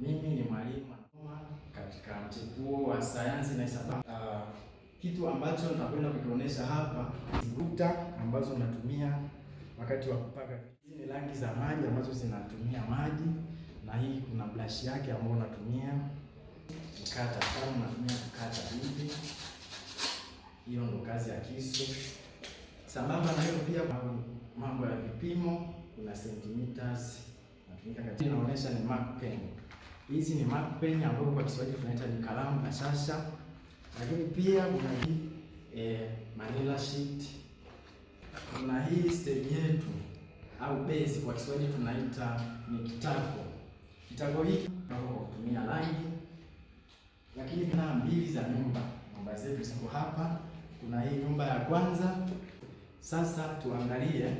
Mimi ni mwalimu nasoma katika mchepuo wa sayansi na hisabati. Uh, kitu ambacho nitakwenda kukionyesha hapa nukta ambazo natumia wakati wa kupaka. Hizi ni rangi za maji ambazo zinatumia maji, na hii kuna brush yake ambayo natumia kukata kama natumia kukata hivi. Hiyo ndo kazi ya kisu. Sambamba na hiyo, pia mambo ya vipimo, kuna centimeters natumika katika, inaonyesha ni mark pen Hizi ni mark pen ambapo kwa Kiswahili tunaita ni kalamu na sasa, lakini pia kuna hii eh, manila sheet, kuna hii stem yetu au base kwa Kiswahili tunaita ni kitako kitako hiki tunaweza kutumia rangi, lakini kuna mbili za nyumba. Nyumba zetu ziko hapa. Kuna hii nyumba ya kwanza. Sasa tuangalie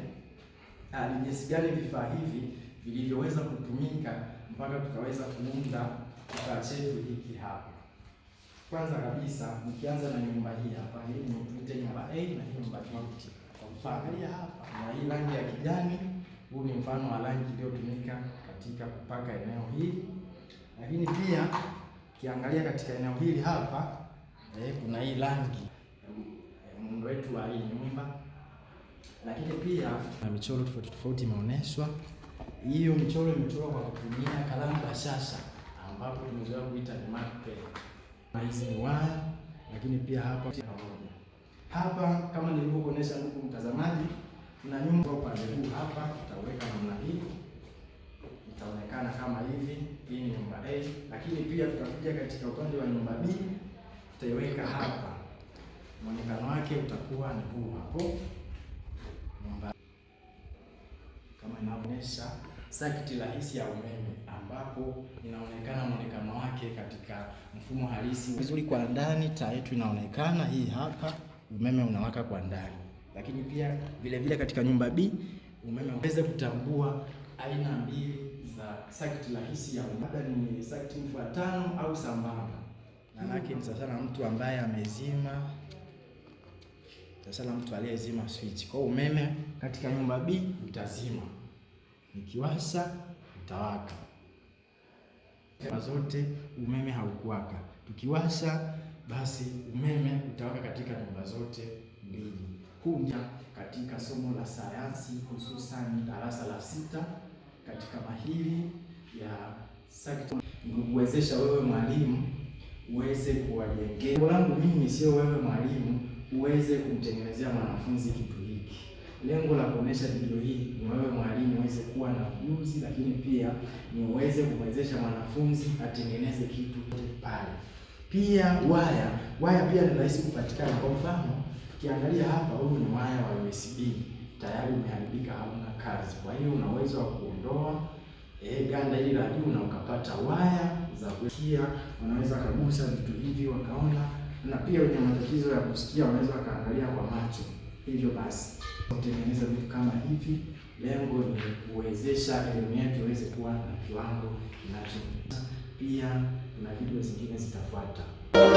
ah, ni jinsi gani vifaa hivi vilivyoweza kutumika mpaka tukaweza kuunda kifaa chetu hiki hapa. Kwanza kabisa nikianza na nyumba hii hapa, hii ni nyumba A na hii nyumba B. Kwa mfano hapa na hii rangi ya kijani, huu ni mfano wa rangi iliyotumika katika kupaka eneo hili. Lakini pia kiangalia katika eneo hili hapa eh, kuna hii rangi eh, muundo wetu wa hii nyumba, lakini pia na michoro tofauti tofauti imeonyeshwa hiyo mchoro imechorwa kwa kutumia kalamu bashasha ambapo tumezoea kuita ni marker na hizi ni waya, lakini pia hapa hapa kama nilivyokuonesha ndugu mtazamaji, na nyumba upande huu hapa tutaweka namna hii, itaonekana kama hivi. Hii ni nyumba A, lakini pia tutakuja katika upande wa nyumba B, tutaiweka hapa. Muonekano wake utakuwa ni huu hapo, nyumba kama inavyoonyesha sakiti rahisi ya umeme ambapo inaonekana mwonekano wake katika mfumo halisi vizuri kwa ndani. Taa yetu inaonekana hii hapa, umeme unawaka kwa ndani, lakini pia vile vile katika nyumba B umeme uweze kutambua aina mbili za sakiti rahisi ya umeme, labda ni sakiti mfuatano au sambamba. Manake ni sasa na mtu ambaye amezima sasa na mtu aliyezima switch, kwa umeme katika nyumba B utazima nikiwasha utawaka. Zote umeme haukuwaka, tukiwasha basi umeme utawaka katika nyumba zote mbili. Huja katika somo la sayansi, hususan darasa la sita katika mahiri ya kuwezesha wewe mwalimu uweze kuwajengea langu mimi, sio wewe mwalimu uweze kumtengenezea mwanafunzi kitu hiki. Lengo la kuonesha video hii ni wewe mwalimu uweze kuwa na ujuzi, lakini pia ni uweze kumwezesha mwanafunzi atengeneze kitu pale. Pia waya waya pia ni rahisi kupatikana. Kwa mfano, ukiangalia hapa, huu ni waya wa USB tayari umeharibika, hauna kazi. Kwa hiyo una uwezo wa kuondoa e, ganda hili la juu na ukapata waya za kusikia. Unaweza kagusa vitu hivi wakaona, na pia wenye matatizo ya kusikia wanaweza wakaangalia kwa macho. Hivyo basi kutengeneza vitu kama hivi, lengo ni kuwezesha elimu yetu iweze kuwa na kiwango kinacho. Pia kuna video zingine zitafuata.